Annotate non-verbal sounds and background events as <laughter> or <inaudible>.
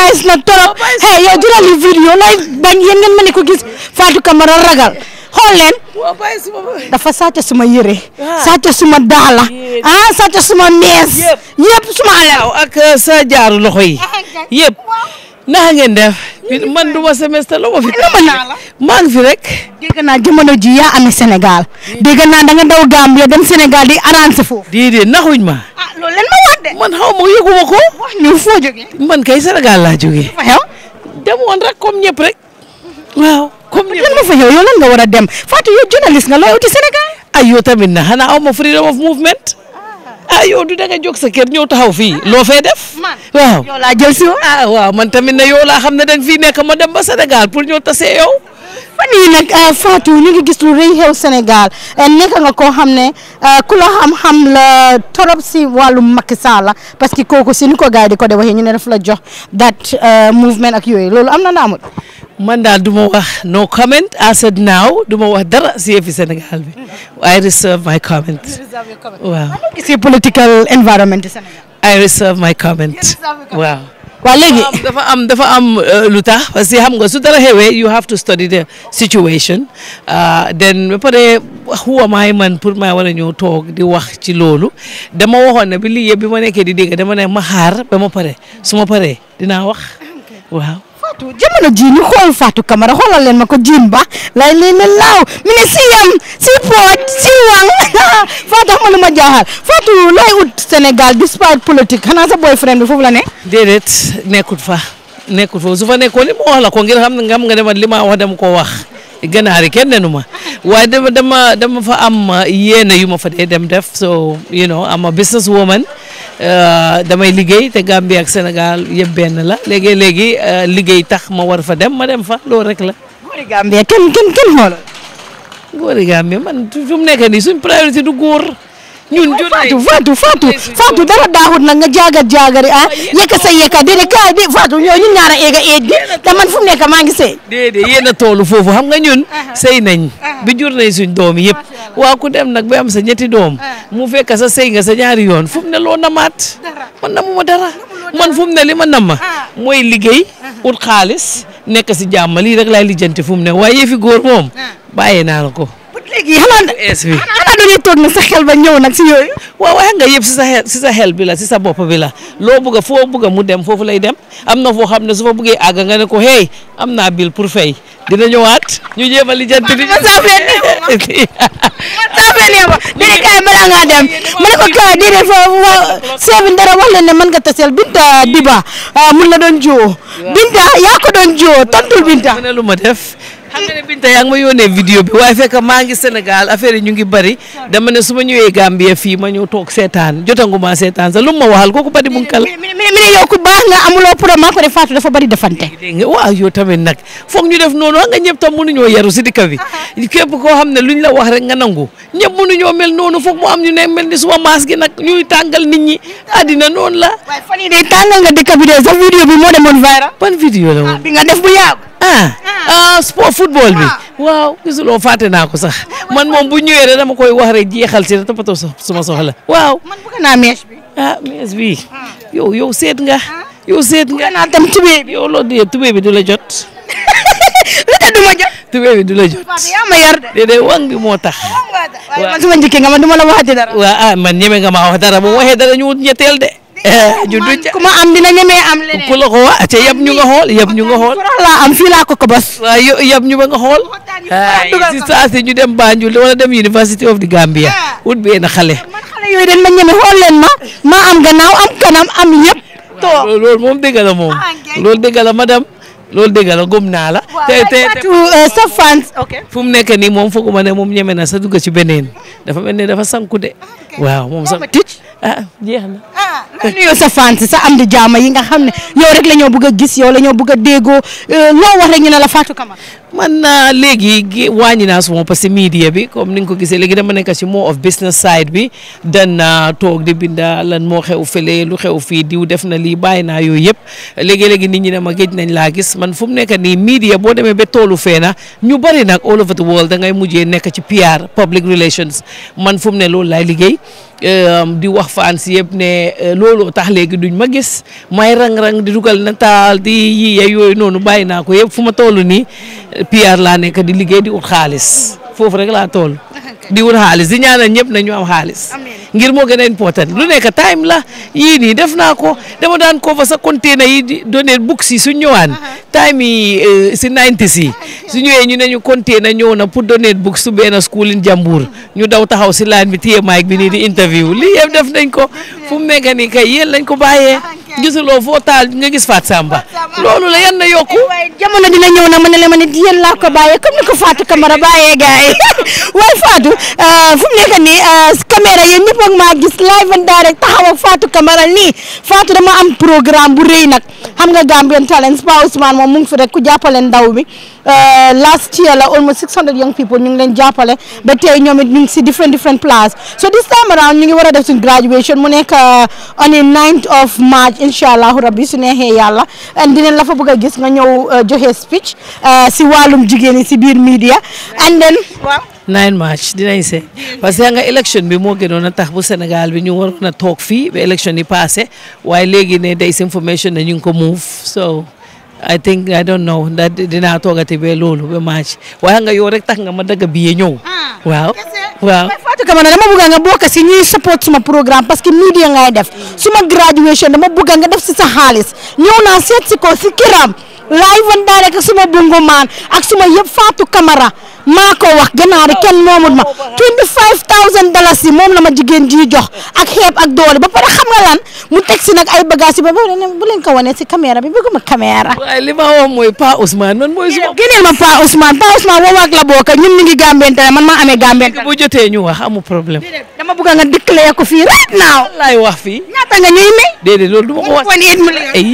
nice na torop hey yow dina li vidéo lay bañ yéen ngeen ma ko gis Fatou Camara ragal xool leen dafa sàcc suma yére ah. sàcc suma daala ah sàcc suma mees yep suma alal ak euh, sa jaaru loxo yi yëpp naka ngeen def man duma semestre la ma fi maa ngi fi rek dégg naa jamono ji yaa amee Sénégal dégg da nga daw Gambia dem Senegal di arrangé Di di, naxuñ ma man xaw ma yëguma ko. wax ñu foo jógee. man kay Sénégal laa jógee. fa xew rek comme ñëpp rek. waaw comme ñëpp lan ma fa xew yow lan nga war a dem Fatou yow journaliste nga looy uti Sénégal. ay yow tamit na xanaa aw ma freedom of movement. Ah. ah yow du danga jóg sa kër ñëw taxaw fii loo fee def. waaw jël si woon. Ah, man tamit na yow laa xam ne danga fii nekk ma dem ba Sénégal pour ñëw tase yow. fan yii euh, ngi gis lu rëy xew Sénégal euh, nekk nga koo xam ne euh, ku la xam-xam la torop si wàllu Macky Sall la parce que kooku si nu ko gars yi di ko de ñu ne daf la jox that movement ak yooyu loolu am na na man daal du ma wax no comment as of now du ma wax dara si yëfi Sénégal bi I reserve my comment. waaw. gisee political environment I reserve my comment. waa léegi dafa am dafa am euh, lu tax parce que nga su dara xewee you have to study the situation euh, then ba pare who am I man pour maa war a ñëw toog di wax ci loolu dama waxoon ne bi liggéey bi ma nekkee di dégg dama ne ma xaar ba ma pare su ma paree dinaa wax <coughs> waaw. Fatou jamono jii ñu xool Fatou Camara xoolal leen ma ko jiin ba lay lay la mi ne si yam si pooj si <laughs> ma jaaxal Fatou looy ut Sénégal despite politique xanaa sa boyfriend bi foofu la ne. déedéet nekkul fa nekkul fa su fa nekkoon li ma wax la ko ngir xam nga xam nga ma wax dama koo wax ganaar yi kenn nenu ma waaye dama dama dama fa am uh, yéene yu ma fa dee dem def so you know am a business Euh, damay liggéey te Gambie ak senegal yëpp la léegi léegi euh, liggéey tax ma war fa dem ma dem fa loolu rek la. góori Gambie kenn kenn kenn xoolal. góori Gambie man fi mu nekk nii suñ priorité du góor. ñun jur Fatou Fatou Fatou Fatou dara daaxut nag nga jaagar jaagari ah yëkka sa yëkka déedéet kaay de Fatou ñoo ñun ñaar eeg a eeg te man fu mu nekk maa ngi sëy déedéet toolu foofu xam nga ñun sey nañ bi jur nañ suñ doom yëpp waa ku dem nag ba am sa ñetti doom mu fekk sa sëy nga sa ñaari yoon fu mu ne loo namaat man ma dara man fu mu ne li ma nama mooy liggéey ut xaalis nekk si jàmm lii rek laay lijjanti fu mu ne waaye yëfi góor moom bàyyi naa la ko léegi xanaa xanaa dañuy toog nag sa xel ba ñëw nag si yooyu waaw waaye nga yëpp si sa xel si sa xel bi la si sa bopp bi la loo bëgg a foo bëgg a mu dem foofu lay dem am na foo su fa bëggee àgg nga ne ko hey am bil pour fay dina ñëwaat ñu jéem a lijjanti di déedéet kay balaa ngaa dem ma ne ko kay déedéet foofu seebin dara wax leen ne mën nga taseel Binta Diba mun la doon joo Binta ya ko doon joo tontul Binta. lu ma def. xam nga ne Binta yaa ngi ma yónnee vidéo bi waaye fekk maa ngi Sénégal affaire ñu ngi bari dama ne su ma ñëwee Gambie fii ma ñëw toog seetaan jotanguma seetaan sax lu ma waxal kooku bari mu ngi kala. mi ne yow ku baax nga amuloo problème maa ko def Fatou dafa bari defante. dégg nga tamit nag foog ñu def noonu nga ñëpp tam mënuñoo si dikka koo xam ne la wax rek nga nangu ñëpp mënuñoo mel noonu foog mu am ñu ne mel ni suma maas gi nag ñuy tàngal nit ñi dina noonu la. waaye fan yii de tàngal nga dikka bi de sa vidéo bi moo demoon viral. Ah, bi nga def bu ah sport football bi waaw gisuloo fàtte naa ko sax man mom bu ñëwee da dama koy wax rek jéxal ci rek toppatoo suma soxla waaw. man bëgg na mèche bi. ah mèche bi yo ah. yo seet nga. Ah. yo seet nga na tam tubéy bi yo lo dé tubéy bi dula jot. <laughs> lu tax du jot. tubéy bi dula jot. ya ma yar dé dé wang mo tax. waaw man suma ma nga man duma la waxati dara. waaw ah man ñëmé nga ma wax dara bu waxé dara ñu ñettel dé de juddu ci kuma am dina ñëmé am leneen ku la ko wa ci yab ñu nga xol yab ñu nga xol la am fi la ko kebas yab ñu nga xol ci sa ci ñu dem banjul wala dem university of the gambia wut ben xalé xalé yoy dañ ma ñëmé xol leen ma ma am gannaaw am kanam am yépp to lool mom déggal la mom lool déggal la madame lool déggal la gëm naa la te te sa fans fu mu nekk nii moom fooguma ne moom ñeme na sa dugg ci beneen dafa mel dafa sanku de waaw moom sax tic ah jeex ah, iya, na nga nuyoo sa fans sa am di xam ne yow rek la ñoo bëgg a gis yow la ñoo bëgg a déggoo euh, loo wax rek ñu ne la Fatou Camara. man léegi wàññi naa suma parce que media bi comme ni nga ko gisee léegi dama nekk si more of business side bi dan toog di binda lan moo xew fële lu xew fii diw def na lii bàyyi naa yooyu yëpp léegi-léegi nit ñi ne ma géej nañ laa gis man fu mu nekk nii media boo demee ba toolu feena ñu bari nag all over the world da ngay mujjee nekk ci PR public relations man fu mu ne loolu laay liggéey euh, di wax fans yëpp ne Eh, looloo tax léegi duñ ma gis may rang-rang di dugal na taal di yi yooyu noonu bàyyi naa ko yëpp fu ma toll nii PR laa nekk di liggéey di ut xaalis foofu rek laa tool <laughs> di wut xaalis di ñaanal ñëpp nañu am xaalis ngir moo gën a important lu nekk time la yii nii def naa ko dama daan ko fa sa container yi di donné books yi su ñëwaan uh-huh. time yi eh, si 90 yi su ñëwee ñu ne ñu container ñëw na pour donné books su benn school in Jambur ñu daw taxaw si laan bi téye mic bi nii di interview lii yëpp def nañ ko fu mu nekk nii kay yéen lañ ko bàyyee. gisuloo foo taal nga gis Fatou Samba loolu la yan na yokku eh, jamono dina ñëw na ma ne la ma ne di yéen laa ko bàyyee comme ni ko Fatou Camara bàyyee gars yi <laughs> waaye Fatou euh, fu mu nekk nii euh, caméra yéen ñëpp ak maa gis live and direct taxaw ak Fatou Camara dama am programme bu rëy nag xam nga Gambian Talents Pa Ousmane moom mu ngi fi rek ku jàppale ndaw mi Euh, last year la almost 600 young people ñu ngi leen jàppale ba tey ñoom it ñu ngi si different different place so this time around ñu ngi war a def suñ graduation mu nekk euh, on the 9th of March incha allahu rabbi si neexee yàlla and dinañ la fa bëgg a gis nga ñëw euh, joxe speech si wàllum jigéen yi si biir media and then waaw 9 March dinañ see parce que nga élection bi moo gënoon a tax bu Sénégal bi ñu waroon a toog fii ba élection yi passé waaye léegi ne days information ne ñu ngi ko move so ay think I don't know that dinaa toogati ba loolu ba match waaye nga yoo rek tax nga ma dagg billet ñëw. Ah, waaw waaw. mais Fatou Camara dama bëgg nga bokk si ñuy support programme parce que media ngay def suma graduation dama bëgg nga def si sa xaalis ñëw naa si ko si kiram live and direct ak suma bungu maan ak suma maa ko wax ganaari kenn moomut ma 25000 dalasi yi moom la ma jigéen ji jox ak xeeb ak doole ba pare xam nga lan mu teg si nag ay bagages yi ba bu leen ko wane si caméra bi bëgguma caméra. waaye ma woo mooy Pa Ousmane man mooy. génneel ma Pa Ousmane Pa Ousmane woo ak la bokk ñun mi ngi gàmbente man maa amee gàmbente bu jotee ñu wax amu problème. dama bëgg nga dëkkale ko fii right now. laay wax fii. ñaata nga ñuy may. déedéet loolu du ma ko wax. 1.8 million.